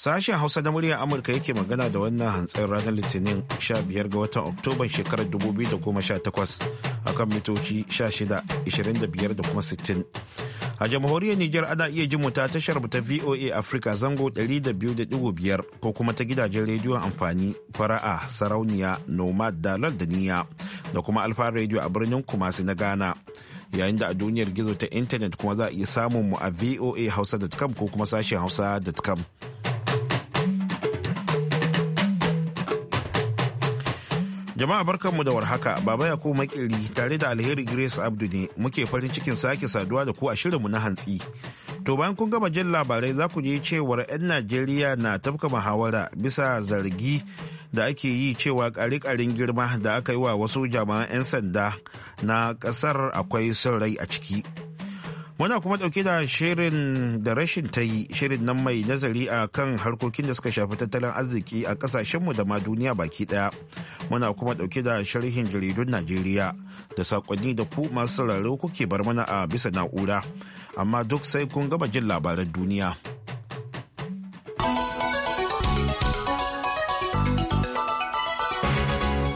Sashen Hausa na muryar Amurka yake magana da wannan hantsar ranar Litinin 15 ga watan Oktoban shekarar 2018 akan mitoci 1625 da kuma 60. A jamhuriyar Nijar ana iya jin ta tashar ta VOA Africa zango 200.5 ko kuma ta gidajen rediyon amfani fara'a sarauniya nomad dalar da niya da kuma alfa rediyo a birnin Kumasi na Ghana. Yayin da a duniyar gizo ta intanet kuma za a iya samun mu a voa hausa.com ko kuma sashen hausa.com. Jama'a barkanmu da warhaka, Baba Yakubu Makiri tare da Alheri Grace Abdu ne muke farin cikin sake saduwa da ku a shirinmu na hantsi. To bayan kun gama jin labarai za ku je cewar 'yan Najeriya na tafka muhawara bisa zargi da ake yi cewa ƙare karin girma da aka yi wa wasu jama'an 'yan sanda na ƙasar akwai son rai a ciki. Muna kuma ɗauke da shirin da rashin ta yi shirin nan mai nazari a kan harkokin da suka shafi tattalin arziki a kasashenmu da ma duniya baki daya Muna kuma ɗauke da sharhin jaridun Najeriya da sakonni da ku masu sauraro kuke bar mana a bisa na'ura. Amma duk sai kun gama jin labaran duniya.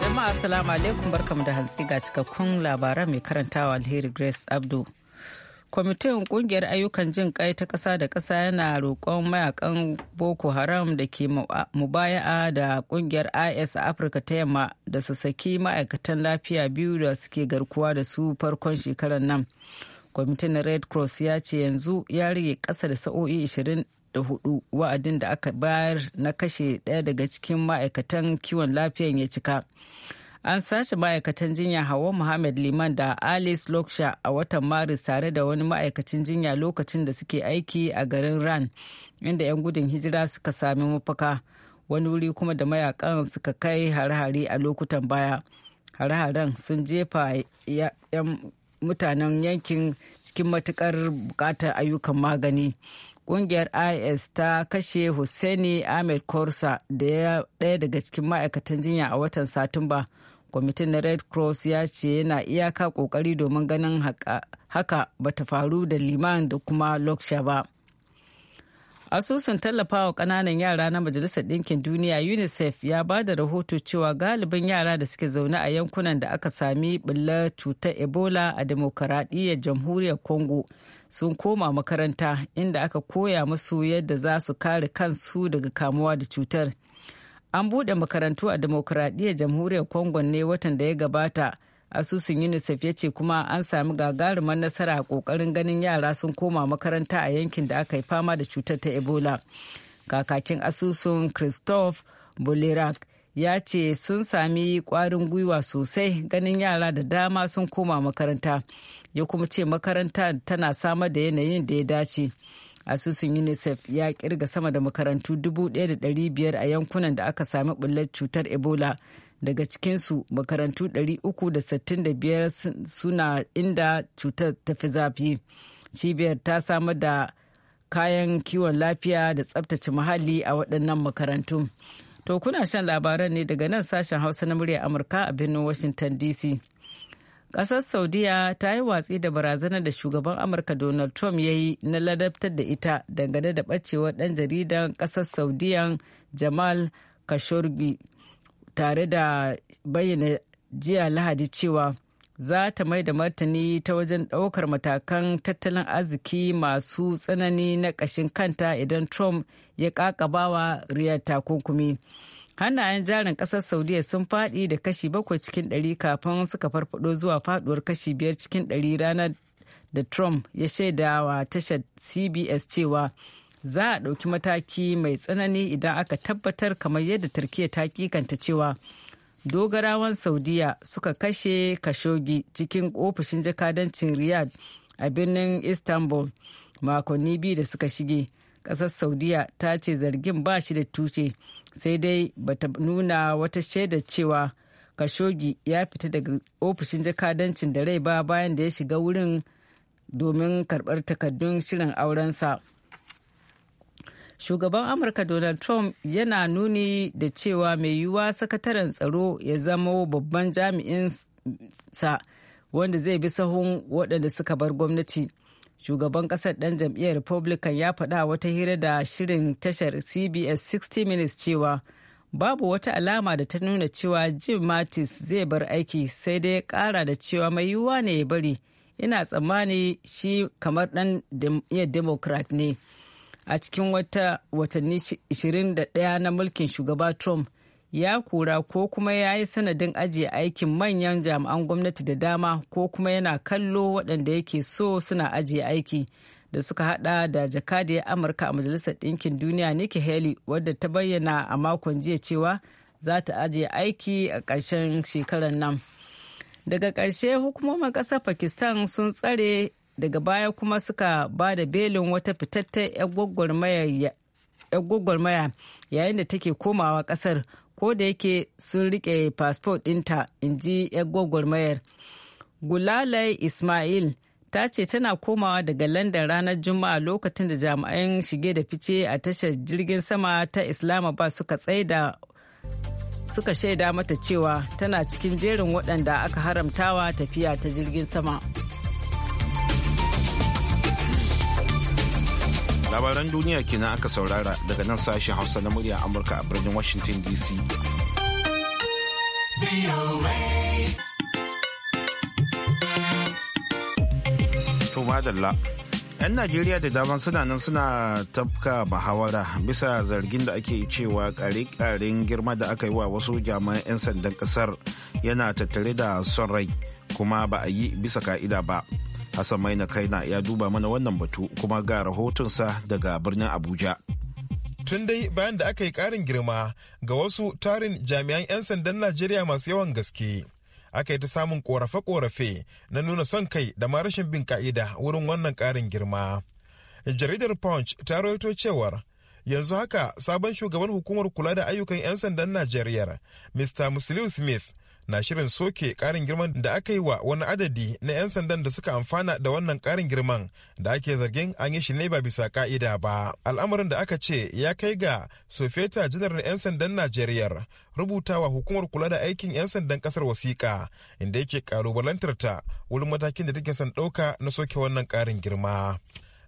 Jama'a Assalamu alaikum barkamu da hantsi ga cikakkun labaran mai karantawa Alheri Grace Abdu. kwamitin kungiyar ayyukan jin kai ta ƙasa da ƙasa yana roƙon mayakan boko haram da ke mubaya'a da kungiyar is a afirka ta yamma da su saki ma'aikatan lafiya biyu da suke garkuwa da su farkon shekarar nan kwamitin red cross ya ce yanzu ya rage ƙasa da sa'o'i 24 wa'adin da aka bayar na kashe ɗaya daga cikin ma'aikatan kiwon lafiyan ya cika an sace ma'aikatan jinya hawa muhammad liman da alice loksha a watan maris tare da wani ma'aikacin jinya lokacin da suke aiki a garin ran inda 'yan gudun hijira suka sami mafaka wani wuri kuma da mayakan suka kai hare-hare a lokutan baya hare-haren sun jefa yan mutanen yankin cikin matukar bukatar ayyukan magani kungiyar is ta kashe hussaini ahmed korsa da ɗaya daga cikin ma'aikatan jinya a watan satumba kwamitin na red cross ya ce yana iyaka kokari domin ganin haka ba ta faru da liman da kuma loksha ba asusun tallafawa kananan yara na majalisar ɗinkin duniya unicef ya ba da rahoto cewa galibin yara da suke zaune a yankunan da aka sami ɓullar cutar ebola a demokaradiyyar jamhuriyar congo sun koma makaranta inda aka koya musu yadda za su kare kansu daga kamuwa da cutar an buɗe makarantu a demokuraɗiyyar jamhuriyar congo ne watan da ya gabata asusun unicef ya ce kuma an sami gagarumar nasara a ƙoƙarin ganin yara sun koma makaranta a yankin da aka yi fama da cutar ta ebola kakakin asusun christophe bolerak ya ce sun sami ƙwarin gwiwa sosai ganin yara da dama sun koma makaranta ya kuma ce makaranta tana samar da yanayin da ya dace. asusun unicef ya kirga sama da makarantu 1,500 a yankunan da aka sami bullar cutar ebola daga cikinsu makarantu 365 suna inda cutar ta fi zafi cibiyar ta samar da kayan kiwon lafiya da tsabtace muhalli a waɗannan makarantu to kuna shan labaran ne daga nan sashen hausa na murya amurka a birnin washington dc Ƙasar Saudiya ta yi watsi da barazanar da shugaban Amurka Donald Trump ya yi na ladabtar da ita dangane da ɓacewar ɗan jaridan ƙasar saudiya Jamal Khashoggi tare da bayyana jiya Lahadi cewa za ta mai da martani ta wajen ɗaukar matakan tattalin arziki masu tsanani na ƙashin kanta idan Trump ya ƙaƙabawa riyar takunkumi. hannayen jarin kasar saudiya sun faɗi da kashi bakwai cikin ɗari kafin suka farfado zuwa faduwar kashi biyar cikin ɗari ranar da trump ya shaida wa tashar cbs cewa za a ɗauki mataki mai tsanani idan aka tabbatar kamar yadda turkiya ta kikanta cewa dogarawan saudiya suka kashe kashogi cikin ofishin jakadancin riyadh a birnin istanbul makonni biyu da suka shige ƙasar saudiya ta ce zargin ba shi da tuce sai dai bata nuna wata shaida cewa kashogi ya fita daga ofishin jakadancin da rai ba bayan da ya shiga wurin domin karbar takardun shirin aurensa. Shugaban Amurka Donald Trump yana nuni da cewa mai yiwuwa sakataren tsaro ya zama babban jami'in sa wanda zai bi sahun waɗanda suka bar gwamnati. shugaban kasar ɗan jam'iyyar republican ya faɗa wata hira da shirin tashar cbs 60 minutes cewa babu wata alama da ta nuna cewa jim mattis zai bar aiki sai dai ƙara da cewa mai yiwuwa ne ya bari ina tsammani shi kamar ɗan democrat ne a cikin wata watanni 21 na mulkin shugaba trump ya kura ko kuma ya yi sanadin ajiye aikin manyan jami'an gwamnati da dama ko kuma yana kallo waɗanda yake so suna ajiye aiki da suka hada da jakadiyar amurka a majalisar ɗinkin duniya nikki haley wadda ta bayyana a makon jiya cewa za ta ajiye aiki a ƙarshen shekarar nan daga ƙarshe hukumomin ƙasar pakistan sun tsare daga baya kuma suka ba da belin wata fitattar 'yan gwagwarmaya yayin da take komawa ƙasar ko yake sun rike fasfot ɗinta in ji 'yan gwagwarmayar gulalai ismail ta ce tana komawa daga landan ranar juma'a lokacin da jami'an shige da fice a tashar jirgin sama ta islamabad suka tsaida suka shaida mata cewa tana cikin jerin waɗanda aka haramtawa tafiya ta jirgin sama. labaran duniya kenan aka saurara daga nan sashen hausa na murya amurka a birnin washington dc 'yan najeriya da dama suna nan suna tafka muhawara bisa zargin da ake cewa kare-karen girma da aka yi wa wasu jami'an 'yan sandan kasar yana tattare da son rai kuma ba a yi bisa ka'ida ba Hassan Maina Kaina ya duba mana wannan batu kuma ga rahotonsa daga birnin Abuja. Tun dai bayan da aka yi ƙarin girma ga wasu tarin jami'an 'yan sandan Najeriya masu yawan gaske. Aka yi ta samun korafe-korafe na nuna son kai da ma rashin bin ka'ida wurin wannan ƙarin girma. Jaridar Punch ta rawaito cewar yanzu haka sabon shugaban hukumar kula da ayyukan 'yan sandan Najeriya, Mr. Musliu Smith, na shirin soke karin girman da aka yi wa wani adadi na 'yan sandan da suka amfana da wannan karin girman da ake zargin an yi shi ne ba bisa ka'ida ba al'amarin da aka ce ya kai ga sofeta janar 'yan sandan najeriya rubutawa hukumar kula da aikin 'yan sandan kasar wasiƙa inda yake kalubalantar ta wurin matakin da take son ɗauka na soke wannan karin girma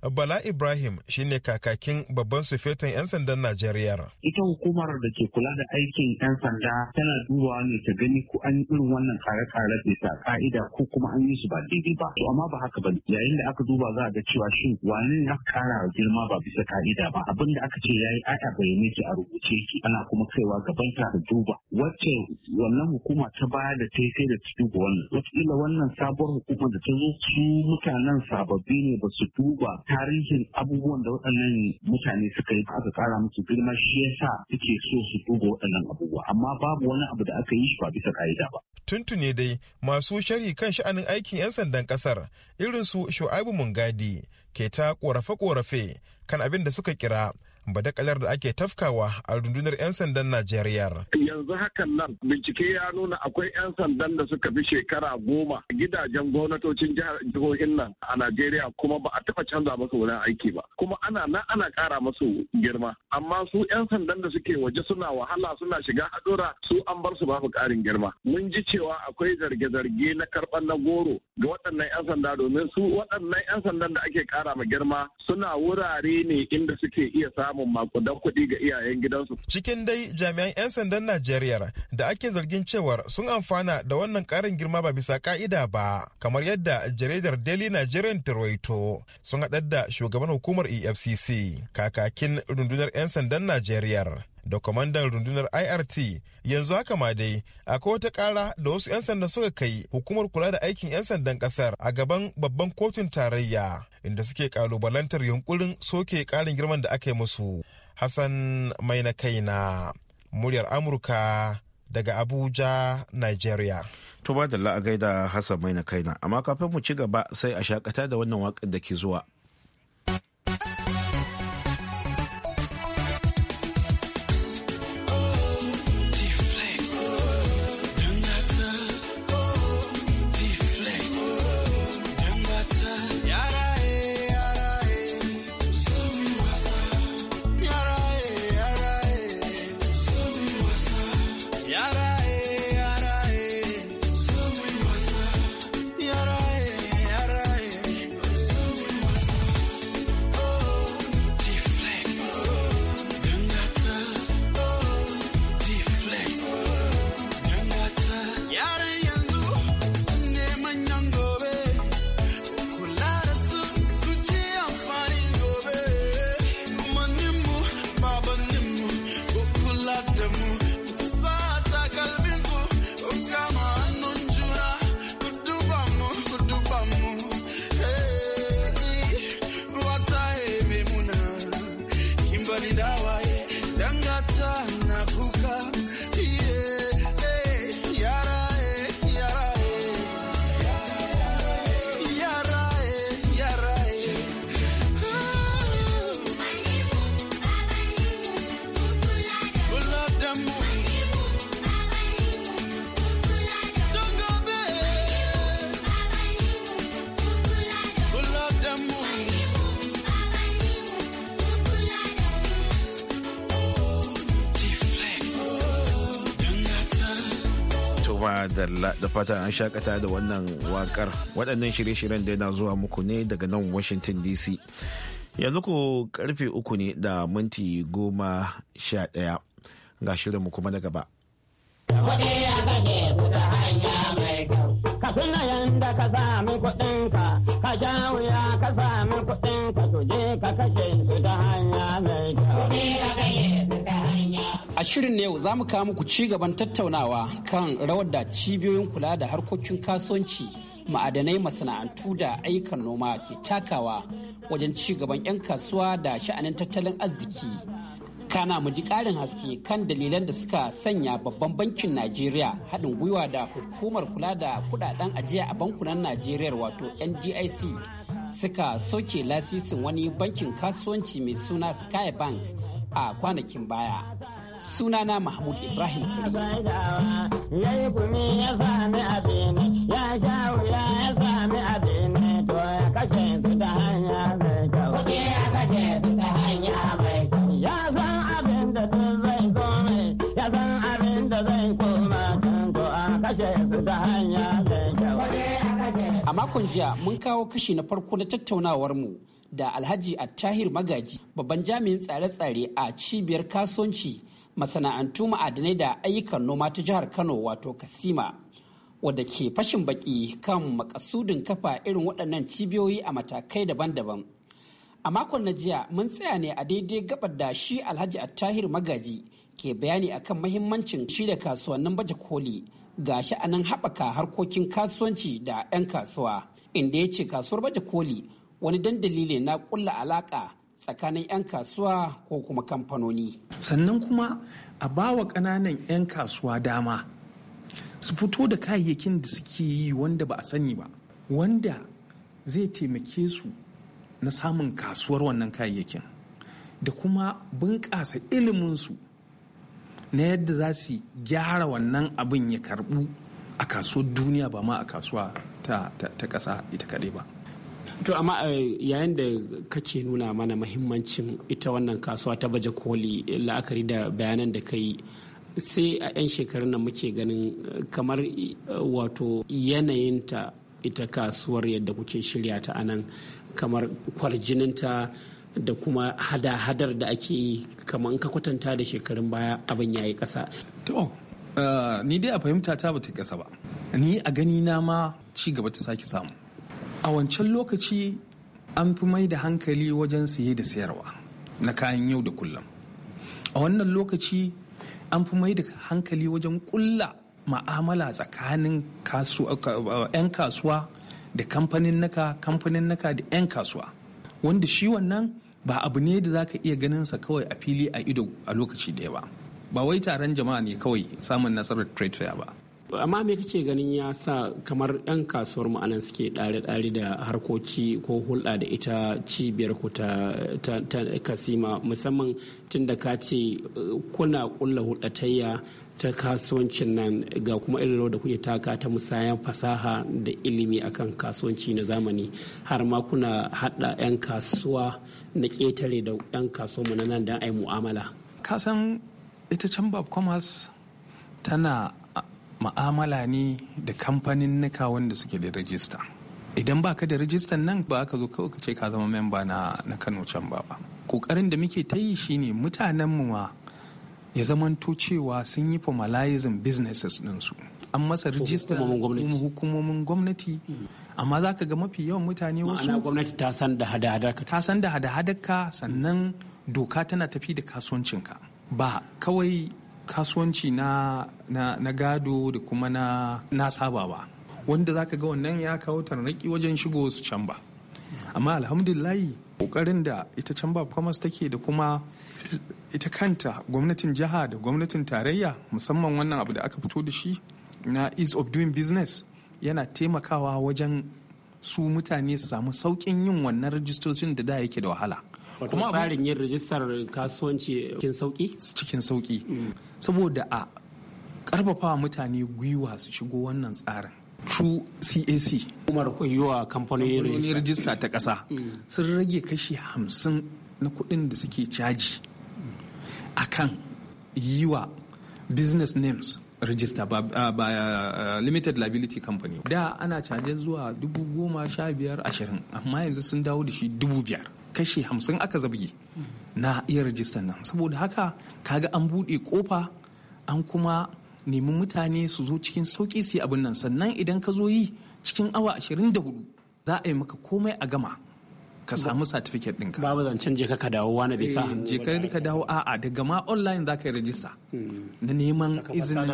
Bala Ibrahim shine kakakin babban sufetan 'yan sandan Najeriya. Ita hukumar da ke kula da aikin 'yan sanda tana duba ne ta gani ko an irin wannan kare-kare bisa ka'ida ko kuma an yi su ba daidai ba. To amma ba haka ba yayin da aka duba za a ga cewa shin wani ya kara girma ba bisa ka'ida ba abin da aka ce ya yi aya bayyane ki a rubuce ki ana kuma kaiwa gaban ta da duba. Wacce wannan hukuma ta baya da ta yi sai da ta duba wannan. Wataƙila wannan sabuwar hukumar da ta zo su mutanen sababbi ne ba su duba tarihin abubuwan da waɗannan mutane suka yi aka ƙara musu girma shi yasa suke so su duba waɗannan abubuwa amma babu wani abu da aka yi shi ba bisa ka'ida ba. Tuntune dai masu shari kan sha'anin aikin 'yan sandan ƙasar irin su Shu'aibu Mungadi ke ta ƙorafe-ƙorafe kan abin da suka kira badakalar da ake tafkawa a rundunar 'yan sandan Najeriya. Yanzu hakan nan bincike ya nuna akwai 'yan sandan da suka fi shekara goma a gidajen gwamnatocin jihohin nan a Najeriya kuma ba a taɓa canza masu wurin aiki ba. Kuma ana nan ana ƙara masu girma. Amma su 'yan sandan da suke waje suna wahala suna shiga haɗura su an bar su babu ƙarin girma. Mun ji cewa akwai zarge-zarge na karɓar na goro ga waɗannan 'yan sanda domin su waɗannan 'yan sandan da ake ƙara ma girma suna wurare ne inda suke iya samun samun makudan kuɗi ga iyayen gidansu. Cikin dai jami'an 'yan sandan Najeriya da ake zargin cewar sun amfana da wannan ƙarin girma ba bisa ƙa'ida ba kamar yadda jaridar Daily Nigerian Toronto sun haɗar da shugaban hukumar EFCC kakakin rundunar 'yan sandan Najeriya da kwamandan rundunar IRT yanzu haka ma dai akwai wata kara da wasu 'yan sanda suka kai hukumar kula da aikin 'yan sandan kasar a gaban babban kotun tarayya inda suke kalubalantar yunkurin soke karin girman da aka yi musu. Hassan mai na kaina muryar Amurka daga Abuja, Nigeria. To ba da la'agai da Hassan mai na kaina, amma kafin mu ci gaba sai a shakata da wannan waƙar da ke zuwa. madalla da fatan an shakata da wannan wakar waɗannan shirye-shiryen da yana zuwa muku ne daga nan washington dc yanzu ku karfe uku ne da minti goma sha ɗaya ga shirinmu kuma na gaba ka sha wuya ka sami kuɗinka to je ka kashe su ta hanya mai kyau A shirin yau za mu kawo muku ci gaban tattaunawa kan rawar da cibiyoyin kula da harkokin kasuwanci ma'adanai masana'antu da ayyukan noma ke takawa wajen ci gaban 'yan kasuwa da sha'anin tattalin arziki. Kana mu ji ƙarin haske kan dalilan da suka sanya babban bankin Najeriya haɗin gwiwa da hukumar kula da kudaden ajiya a bankunan Najeriya wato NGIC suka soke lasisin wani bankin kasuwanci mai suna Sky Bank a kwanakin baya. sunana mahmud ibrahim A makon jiya mun kawo kashi na farko na tattaunawar mu da Alhaji Attahir Magaji babban jami'in tsare-tsare a cibiyar kasuwanci masana'antu ma'adanai da ayyukan noma ta jihar kano wato kasima wadda ke fashin baki kan makasudin kafa irin waɗannan cibiyoyi a matakai daban-daban a makon na jiya mun tsaya ne a daidai gabar da shi alhaji attahir magaji ke bayani akan mahimmancin shirya kasuwannin baje koli ga sha'anin haɓaka harkokin kasuwanci da 'yan kasuwa inda ya ce kasuwar baje koli wani dandali ne na kulla alaƙa tsakanin 'yan kasuwa ko kuma kamfanoni. Sannan kuma a bawa ƙananan 'yan kasuwa dama su fito da kayayyakin da suke yi wanda ba a sani ba wanda zai taimake su na samun kasuwar wannan kayayyakin da kuma bunƙasa iliminsu na yadda za su gyara wannan abin ya karbu a kasuwar duniya ba ma a kasuwa ta ƙasa ita kaɗai ba. to amma eh, yayin da kake nuna mana mahimmancin ita wannan kasuwa ta baje koli eh, la'akari da bayanan da ka yi sai a 'yan shekarun nan muke ganin eh, kamar wato yanayinta ita kasuwar yadda kuke shirya ta anan kamar kwarjininta da kuma hada-hadar da ake yi kamar ka kwatanta da shekarun baya abin ya yi ƙasa. to ni dai a fahimta ta bata kasa ba ni a gani na ma ci gaba ta sake samu a wancan lokaci an fi mai da hankali wajen siye da sayarwa na kayan yau da kullum a wannan lokaci an fi mai da hankali wajen kulla ma'amala tsakanin 'yan kasuwa da kamfanin naka kamfanin naka da 'yan kasuwa wanda shi wannan ba abu ne da za ka iya ganinsa kawai a fili a ido a lokaci daya ba ba wai taron jama'a ne kawai samun nasarar trade fair ba amma me kake ganin ya sa kamar 'yan kasuwar mu anan suke ɗare-ɗare da harkoki ko hulɗa da ita cibiyar ku ta, kasima musamman tun da ka ce eh, kuna ƙulla hulɗatayya ta kasuwancin nan ga kuma irin da kuke taka ta musayan fasaha da ilimi akan kasuwanci na zamani har ma kuna haɗa 'yan kasuwa na ƙetare da 'yan kasuwa na nan don a mu'amala. kasan ita chamber of commerce tana ma'amala ne da kamfanin nika wanda suke da rajista idan baka da rajistan nan ba ka zo kawai ka ce ka zama memba na, na kano can ba kokarin da muke ta yi shine mutanenmu ma ya zamanto cewa sun yi formalizing businesses ɗinsu an masa rijistar hukumomin gwamnati amma za ka ga mafi yawan mutane wasu ma'ana gwamnati ta san da hada-hadarka ta san da hada-hadarka sannan doka tana tafi da kasuwancinka ba kawai kasuwanci na, na, na gado da kuma na, na saba ba wanda za ka ga wannan ya kawo tarnaki wajen shigo su can ba amma alhamdulillahi kokarin da ita can ba commerce take da kuma ita kanta gwamnatin jiha da gwamnatin tarayya musamman wannan abu da aka fito da shi na ease of doing business yana taimakawa wajen su mutane su samu sauƙin yin wannan rajistocin da da yake da wahala kuma tsarin yin rijistar kasuwanci cikin sauki cikin sauki saboda a karfafa mutane gwiwa su shigo wannan tsarin true cac umar yiwa kamfanin rijista ta ƙasa mm. sun rage kashi hamsin na kuɗin da suke caji akan yi wa business names register ba, eh, limited liability company da ana caja zuwa dubu goma sha biyar ashirin amma yanzu sun dawo da shi dubu biyar kashi hamsin aka zabge na iya rajistan nan saboda haka kaga an buɗe kofa an kuma nemi mutane su zo cikin sauƙi su yi abin nan sannan idan ka zo yi cikin awa 24 za a yi maka komai a gama ka samu certificate ɗinka babu zancen je ka dawo wani bai sa eh, je ka ka dawo a'a daga ma online za ka yi rajista hmm. na neman izinin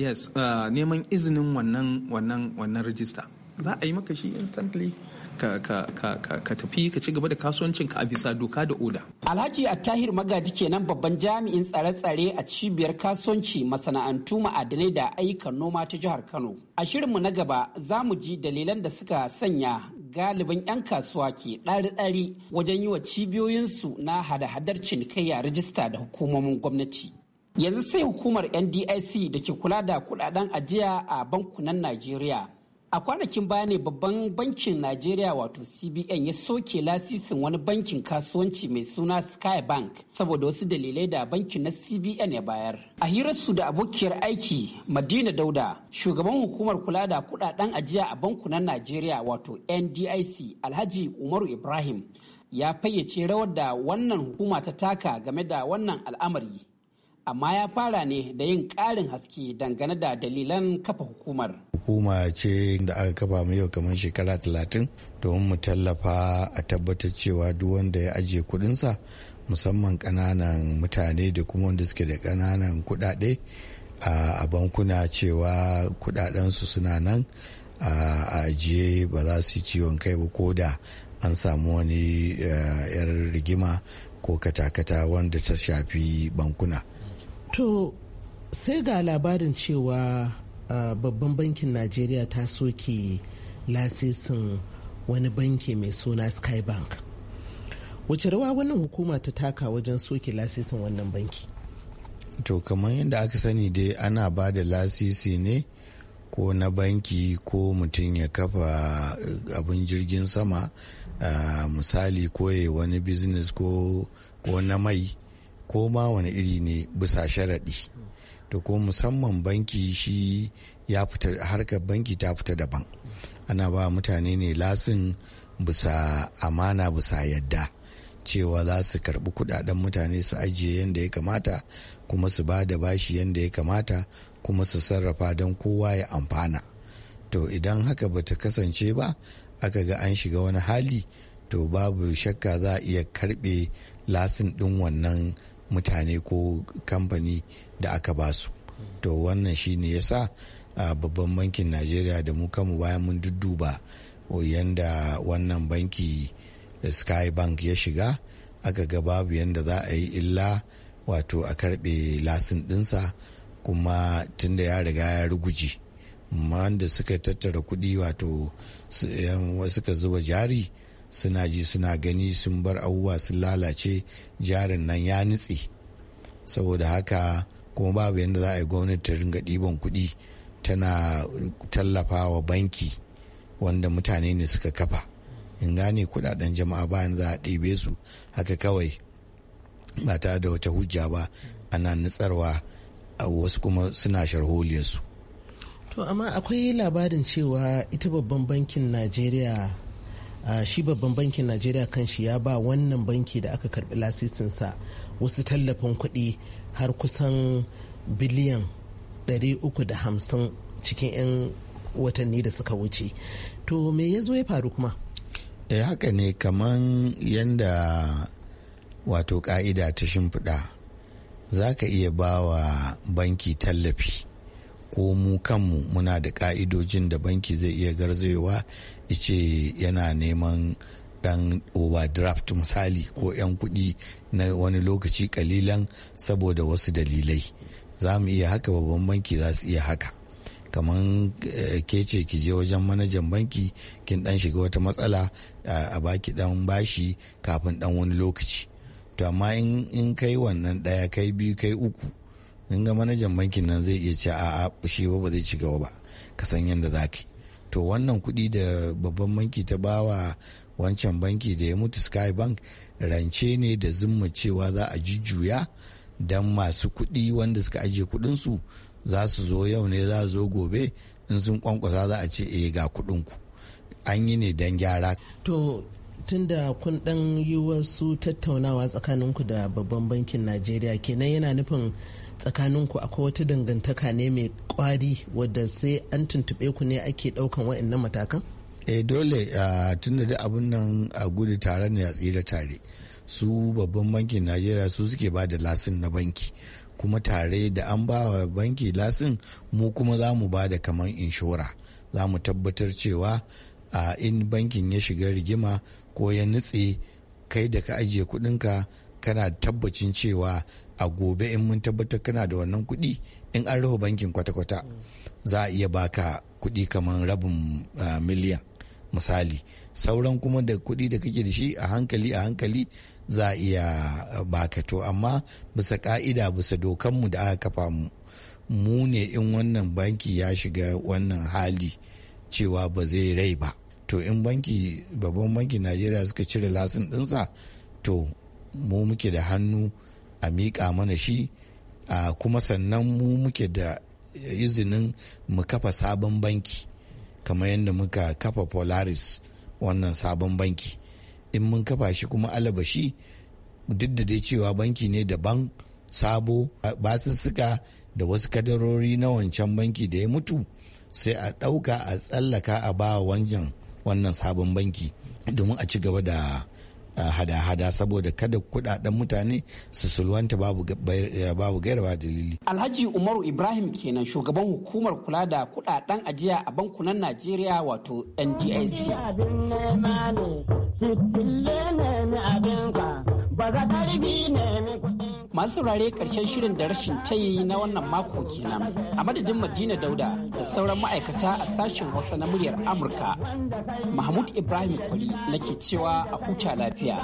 yes uh, neman izinin wannan wannan wannan rajista za a yi maka shi instantly ka, ka, ka, ka, tafi ka ci gaba da kasuwancin ka a bisa doka da oda. Alhaji Attahir Magaji kenan babban jami'in tsare-tsare a cibiyar kasuwanci masana'antu ma'adanai da ayyukan noma ta jihar Kano. A shirinmu na gaba za mu ji dalilan da suka sanya galibin 'yan kasuwa ke ɗari-ɗari wajen yi wa cibiyoyinsu na hada-hadar cinikayya rajista da hukumomin gwamnati. Yanzu sai hukumar NDIC da ke kula da kudaden ajiya a bankunan Najeriya a kwanakin baya ne babban bankin najeriya wato cbn ya soke lasisin wani bankin kasuwanci mai suna sky bank saboda wasu dalilai da bankin na cbn ya bayar a hirarsu da abokiyar aiki madina dauda shugaban hukumar kula da kudaden ajiya a bankunan najeriya wato ndic alhaji umaru ibrahim ya fayyace rawar da wannan hukuma ta taka game da wannan al'amari amma ya fara ne da yin ƙarin haske dangane da dalilan kafa hukumar. Hukuma ce da aka kafa mu yau kamar shekara talatin domin mu tallafa a tabbatar cewa duk wanda ya ajiye kuɗinsa musamman ƙananan mutane da kuma wanda suke da ƙananan kuɗaɗe a bankuna cewa kuɗaɗensu suna nan a ajiye ba za su ciwon kai ba ko da an samu wani eh, 'yar rigima ko katakata wanda ta shafi bankuna. to sai ga labarin cewa uh, babban bankin najeriya ta soke lasisin wani banki mai suna sky bank wace rawa wannan hukuma ta taka wajen soke lasisin wannan banki to kamar yadda aka sani dai ana ba da lasisi ne ko na banki ko mutum ya kafa eh, abin jirgin sama eh, misali ko ya wani business ko na mai ko ma wani iri ne bisa sharaɗi to ko musamman banki shi ya fita harkar banki ta fita daban ana ba mutane ne lasin bisa amana bisa yadda cewa za su karbi kudaden mutane su ajiye yadda ya kamata kuma su ba da bashi yadda ya kamata kuma su sarrafa don kowa ya amfana to idan haka bata kasance ba aka ga an shiga wani hali to babu shakka za a iya karbe lasin ɗin wannan mutane ko kamfani da aka ba su to wannan shi ne ya sa a babban bankin najeriya da mu kanmu bayan mun dudduba yadda wannan banki eh, sky bank ya shiga aka ga babu yanda za a yi illa wato a karbe lasin dinsa kuma tunda ya riga ya ruguji wanda suka tattara kuɗi wato suka zuba jari suna ji suna gani sun bar abubuwa sun lalace jarin nan ya nutse saboda haka kuma babu yadda za a yi gwamnati ta ringa ɗiban kuɗi tana tallafawa banki wanda mutane ne suka kafa in gane kuɗaɗen jama'a bayan za a ɗebe su haka kawai ba tare da wata hujja ba ana nitsarwa a wasu kuma suna sharholiyarsu to amma akwai labarin cewa ita babban bankin najeriya shi babban bankin najeriya kanshi ya ba wannan banki da aka karbi lasisinsa wasu tallafin kuɗi har kusan biliyan 350 cikin 'yan watanni da suka wuce to me ya zo ya faru kuma e haka ne kaman yadda wato ka'ida ta shimfiɗa za ka iya ba wa banki tallafi ko mu kanmu muna da ka'idojin da banki zai iya garzewa. ce yana neman dan overdraft misali ko 'yan kuɗi na wani lokaci kalilan saboda wasu dalilai za mu iya haka babban banki za su iya haka kamar eh, ke ce ki je wajen manajan banki kin dan shiga wata matsala eh, a baki dan bashi kafin dan wani lokaci to amma in kai wannan daya kai biyu kai uku in ga manajan bankin nan zai iya ce a'a shi ba ba zai ci gaba ba ka san yadda za ka yi to wannan kudi da babban banki ta bawa wancan banki da ya mutu sky bank rance ne da zumma cewa za a jujjuya don masu kudi wanda suka ajiye kudinsu za su zo yau ne za zo gobe in sun kwankwasa za a ce e ga kudinku an yi ne don gyara to tunda kun dan yi wasu tattaunawa tsakaninku da babban bankin najeriya kenan yana nufin tsakaninku akwai wata dangantaka ne mai kwari wadda sai an tuntuɓe ku ne ake ɗaukan waɗannan matakan? eh dole tun da abin nan a gudu tare ne a tsira tare su babban bankin najeriya su suke ba da lasin na banki kuma tare da an ba wa banki lasin mu kuma za mu ba da kamar inshora za mu tabbatar cewa a in bankin ya shiga rigima ko ya nutse kai da ka ajiye kudinka kana tabbacin cewa a gobe in mun tabbatar kana da wannan kuɗi in an rufe bankin kwata-kwata za a iya baka kuɗi kamar rabin eh, miliyan misali sauran kuma da kuɗi da kake da shi a hankali a hankali za a iya eh, baka to amma bisa ka'ida bisa dokanmu da aka kafa mu mu ne in wannan banki ya shiga wannan hali cewa ba zai rai ba to in banki babban bankin najeriya suka cire lasin ɗinsa to mu muke da hannu a miƙa mana shi a kuma sannan mu muke da izinin mu kafa sabon banki kamar yadda muka kafa polaris wannan sabon banki in mun kafa shi kuma alabashi duk da dai cewa banki ne daban sabo basussuka da wasu kadarori na wancan banki da ya mutu sai a ɗauka a tsallaka a ba wancan wannan sabon banki domin a ci gaba da hada-hada saboda kada kudaden mutane su sulwanta babu eh, gairawa dalili. Alhaji Umaru Ibrahim kenan shugaban hukumar kula da kudaden ajiya a bankunan Najeriya wato NDIC. Ba masu saurare karshen shirin da rashin tayi na wannan mako kenan a madadin madina dauda da sauran ma'aikata a sashen hausa na muryar amurka mahmud ibrahim kwali nake cewa a huta lafiya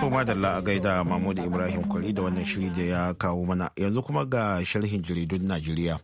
to madalla a gaida mahmud ibrahim kwali da wannan shiri da ya kawo mana yanzu kuma ga sharhin jaridun najeriya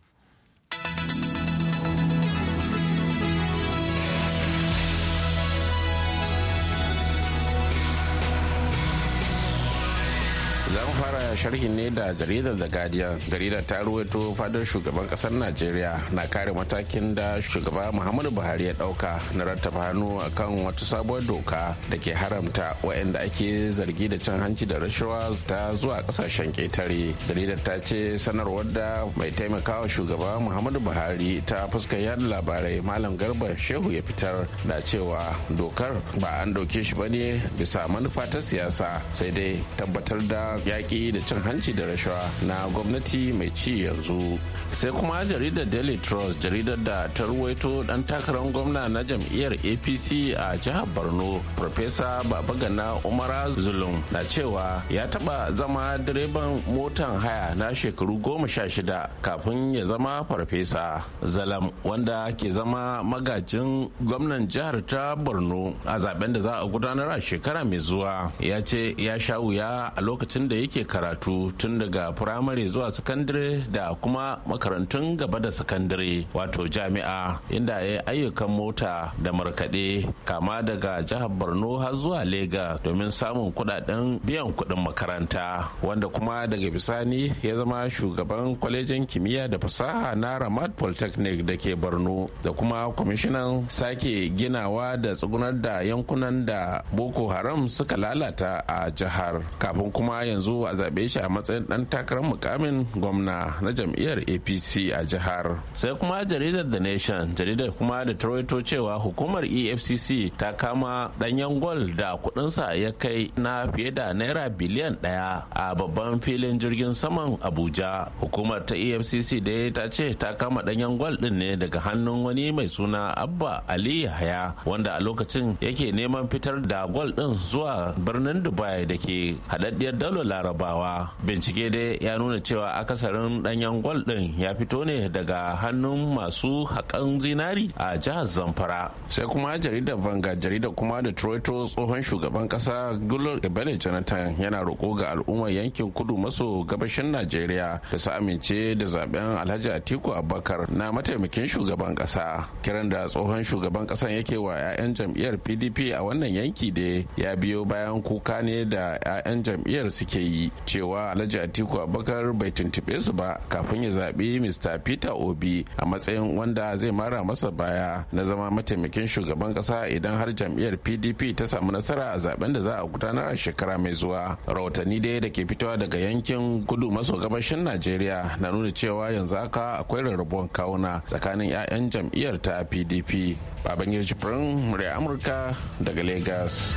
za mu fara sharhin ne da jaridar da guardian jaridar ta ruwaito fadar shugaban kasar najeriya na kare matakin da shugaba muhammadu buhari ya dauka na rattaba hannu akan wata sabuwar doka da ke haramta waɗanda ake zargi da cin hanci da rashawa ta zuwa kasashen ketare jaridar ta ce sanarwar da mai taimakawa shugaba muhammadu buhari ta fuskar yada labarai malam garba shehu ya fitar da cewa dokar ba an ɗauke shi ba ne bisa manufa ta siyasa sai dai tabbatar da yaƙi da cin hanci da rashawa na gwamnati mai ci yanzu sai kuma jaridar daily trust jaridar da ta ruwaito dan takarar gwamna na jam'iyyar apc a jihar borno profesa babagana umara zulum na cewa ya taba zama direban motan haya na shekaru goma sha shida kafin ya zama farfesa zalam wanda ke zama magajin gwamnan jihar ta borno a zaben da za a gudanar a shekara mai zuwa ya ce ya sha wuya a lokacin da yake karatu tun daga firamare zuwa sakandare da kuma makarantun gaba da sakandare wato jami'a inda ya ayyukan mota da markaɗe kama daga jihar borno har zuwa Legas domin samun kudaden biyan kuɗin makaranta wanda kuma daga bisani ya zama shugaban kwalejin kimiyya da fasaha na ramad polytechnic da ke borno da kuma kwamishinan sake ginawa da tsugunar da yankunan da boko haram suka lalata a jihar kafin kuma yanzu yanzu a zaɓe shi a matsayin ɗan takarar mukamin gwamna na jam'iyyar apc a jihar sai kuma jaridar the nation jaridar kuma da tarawaito cewa hukumar efcc ta kama ɗanyen gwal da kuɗinsa ya kai na fiye da naira biliyan ɗaya a babban filin jirgin saman abuja hukumar ta efcc dai ta ce ta kama ɗanyen gwal ɗin ne daga hannun wani mai suna abba ali yahaya wanda a lokacin yake neman fitar da gwal ɗin zuwa birnin dubai da ke haɗaɗɗiyar dalar larabawa bincike dai ya nuna cewa akasarin danyen gwal din ya fito ne daga hannun masu haƙan zinari a jihar zamfara sai kuma jaridar vanga jaridar kuma da troito tsohon shugaban kasa gulo ibane jonathan yana roƙo ga al'ummar yankin kudu maso gabashin najeriya da su amince da zaben alhaji atiku abubakar na mataimakin shugaban kasa kiran da tsohon shugaban kasan yake wa 'ya'yan jam'iyyar pdp a wannan yanki da ya biyo bayan kuka ne da 'ya'yan jam'iyyar suke suke yi cewa alhaji atiku abubakar bai tuntuɓe su ba kafin ya zaɓi mr peter obi a matsayin wanda zai mara masa baya na zama mataimakin shugaban ƙasa idan har jam'iyyar pdp ta samu nasara a zaben da za a gudanar a shekara mai zuwa rahotanni dai da ke fitowa daga yankin kudu maso gabashin najeriya na nuna cewa yanzu haka akwai rarrabuwan kawuna tsakanin 'ya'yan jam'iyyar ta pdp babangir jibrin murya amurka daga lagos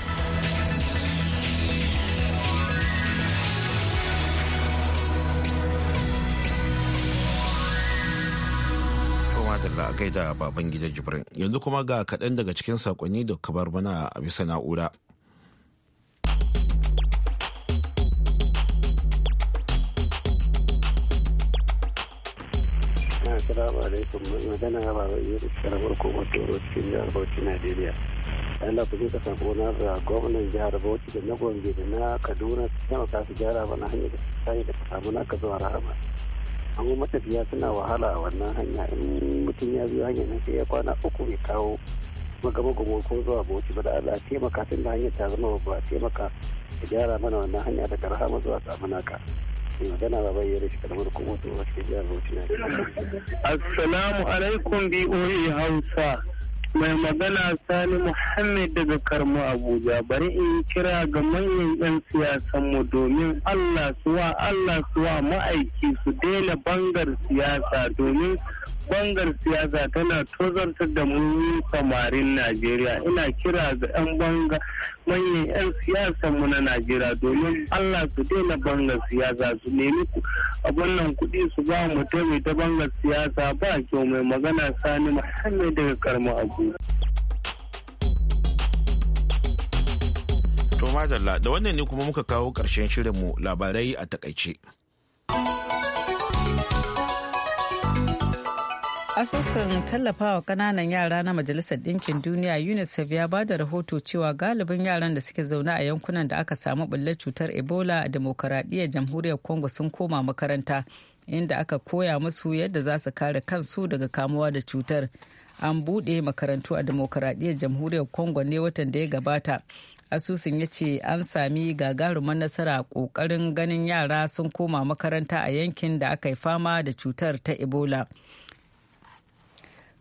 madalla a gaida baban gida jibrin yanzu kuma ga kaɗan daga cikin sakonni da bar mana a bisa na'ura Assalamu alaikum magana baba iya da karamar hukumar Toro cikin jihar Bauchi Najeriya. Allah ku ka sako na ga gwamnan jihar Bauchi da na Gombe da na Kaduna su taimaka su gyara mana hanyar da ta samu na ka zuwa rahama. amma matafiya suna wahala a wannan hanya in mutum ya biyo hanyar nan sai ya kwana uku ya kawo magamagomo ko zuwa bauchi ba da Allah taimaka tun da hanyar ta zama babba taimaka ya gyara mana wannan hanya daga rahama zuwa samunaka mai magana ba bayyana shi kalmar kuma to wasu jihar bauchi na assalamu alaikum bi hausa mai magana sani muhammed daga karmu abuja bari in kira ga manyan 'yan siyasan mu domin allah suwa allah suwa ma'aiki su daina bangar siyasa domin bangar siyasa tana tozartar da mu samarin najeriya ina kira ga 'yan banga manyan 'yan siyasa mu na najeriya domin allah su daina bangar siyasa su nemi wannan kuɗi su ba mu ta ta bangar siyasa ba kyau mai magana sani muhammed daga karma abu to madalla da wannan ne kuma muka kawo ƙarshen shirinmu labarai a takaice. asusun tallafawa kananan yara na majalisar ɗinkin duniya unicef ya ba da rahoto cewa galibin yaran da suke zaune a yankunan da aka samu ɓullar cutar ebola a demokaradiyyar jamhuriyar congo sun koma makaranta inda aka koya musu yadda za su kare kansu daga kamuwa da cutar an buɗe makarantu a demokaradiyyar jamhuriyar congo ne watan da ya gabata asusun ya ce an sami gagarumar nasara ƙoƙarin ganin yara sun koma makaranta a yankin da aka yi fama da cutar ta ebola.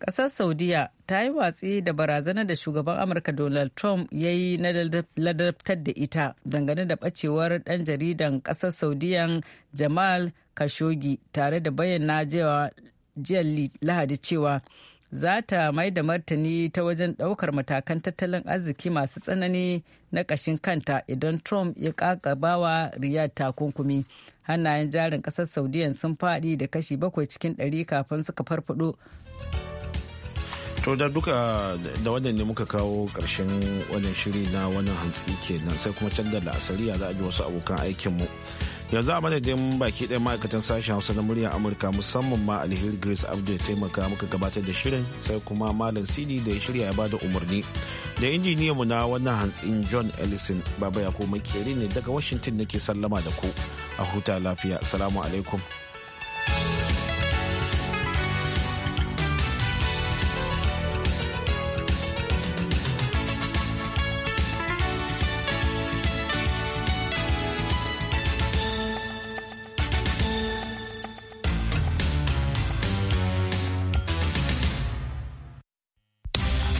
kasar Saudiya ta yi watsi da barazanar da shugaban Amurka Donald Trump ya yi na ladabtar da ita dangane da bacewar ɗan jaridan ƙasar Saudiyan Jamal kashogi tare da bayyana jiya Lahadi cewa za ta mai da martani ta wajen ɗaukar matakan tattalin arziki masu tsanani na ƙashin kanta idan trump ya kakabawa riyad takunkumi hannayen jarin ƙasar saudiyan sun faɗi da kashi bakwai cikin ɗari kafin suka farfado to da duka da wannan ne muka kawo karshen wannan shiri na wannan hantsi kenan sai kuma can da la'asari za a ji wasu abokan aikinmu yanzu a madadin baki ɗaya ma'aikatan sashen hausa na muryar amurka musamman ma alheri grace abdul taimaka muka gabatar da shirin sai kuma malam sidi da ya shirya ya bada umarni da injiniya mu na wannan hantsin john ellison baba ya ko makeri ne daga washington nake sallama da ku a huta lafiya salamu alaikum